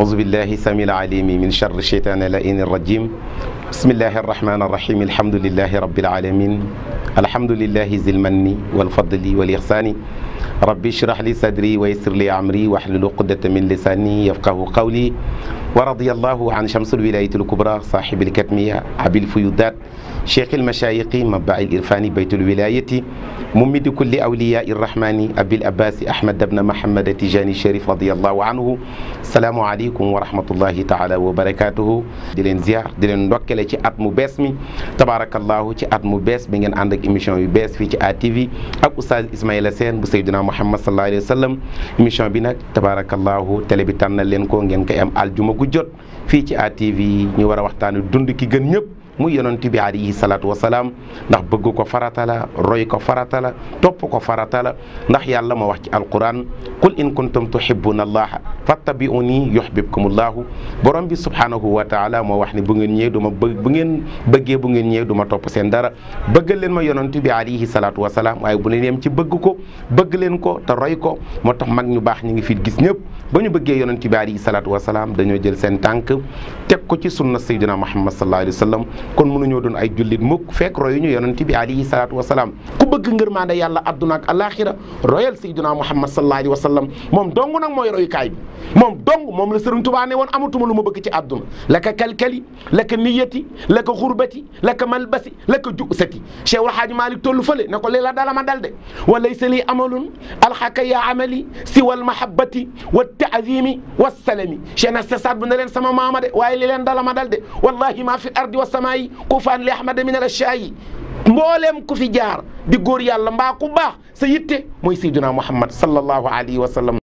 أعوذ بالله السميع العليم من شر الشيطان اللئيم الرجيم بسم الله الرحمن الرحيم الحمد لله رب العالمين الحمد لله ذي المن والفضل والإحسان ربي اشرح لي صدري ويسر لي أمري واحلل عقدة من لساني يفقه قولي ورضي الله عن شمس الولاية الكبرى صاحب الكتمية عبي الفيودات شيخ المشايق مبع الإرفاني بيت الولاية ممد كل أولياء الرحمن أبي الأباس أحمد بن محمد تجاني الشريف رضي الله عنه السلام عليكم ورحمة الله تعالى وبركاته دلين زيار دلين نوكل تي أتمو تبارك الله تي أتمو باسمي عندك إميشان بيس في تي في أب أستاذ إسماعيل سين بسيدنا محمد صلى الله عليه وسلم إميشان بينك تبارك الله تلبي تنلين كون ين الجمهور gu jot fii ci ATV ñu war a waxtaan dund ki gën ñëpp muy yonent bi alayhi salaatu wasalaam ndax bëgg ko farata la roy ko farata la topp ko farata la ndax yàlla moo wax ci alquran qul in kuntum tuhibbuna allaha fattabi'uni yuhbibkum allahu borom bi subhanahu wa taala moo wax ne bu ngeen ñëwee du ma bëgg bu ngeen bëggee bu ngeen ñëwee du topp seen dara bëggal leen ma yonent bi alayhi salaatu wasalaam waaye bu leen yem ci bëgg ko bëgg leen ko te roy ko moo tax mag ñu baax ñu ngi fi gis ñëpp ba ñu bëggee yonent bi alayhi salaatu wasalaam dañoo jël seen tànk ko ci sunna sayyidina Muhammad sallallahu alayhi wa sallam kon mënuñoo doon ay jullit mukk fekk royu ñu yonent bi alayhi salaatu wa salaam ku bëgg ngërmaande yàlla adduna ak alaxira royal sayyidina Muhammad sallallahu alayhi wa sallam moom dong nag mooy royukaay bi mom dong mom la serigne touba ne woon amatuma luma ma bëgg ci aduna lak kalkali lak ka niyati la ka xurbati malbasi lak ka Cheikh El Hadj Malick tollu fële ne ko lii dala ma dal de walaysa li amalun alxaka ya amali si wal mahabati wa taadimi wa salami Cheikh na sasaat bu ne leen sama maama de waaye li len dala ma dal de wallahi ma fi ardi wa samaayi kufaan li ahmad min al ashaayi mbooleem ku fi jaar di gor yàlla mba ku ba sa yitte mooy sayduna muhammad sallallahu alaihi wasallam